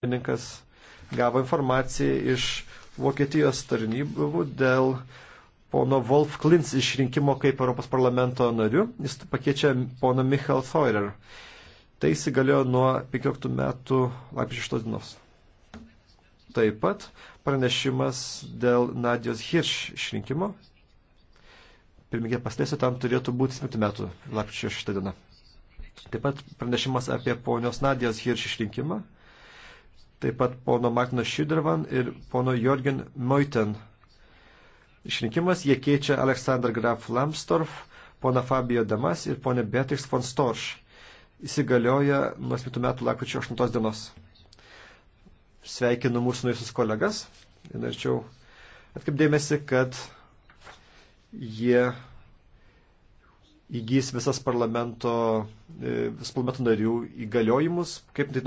pirmininkas gavo informaciją iš Vokietijos tarnybų dėl pono Wolf Klins išrinkimo kaip Europos parlamento nariu. Jis pakeičia pono Michael Theurer. Tai įsigaliojo nuo 15 metų lapkričio 6 dienos. Taip pat pranešimas dėl Nadijos Hirš išrinkimo. Pirmininkė pasteisiu, tam turėtų būti 7 metų lapkričio 6 diena. Taip pat pranešimas apie ponios Nadijos Hirš išrinkimą taip pat pono Martino Šidervan ir pono Jorgen Meuten. Išrinkimas jie keičia Aleksandr Graf Lambsdorff, pona Fabio Damas ir ponė Beatrix von Storch. Įsigalioja nuo 7 metų lakryčio 8 dienos. Sveikinu mūsų nuėjusius kolegas. Norėčiau atkreipdėmėsi, kad jie įgys visas parlamento, e, vis parlamento narių įgaliojimus, kaip tai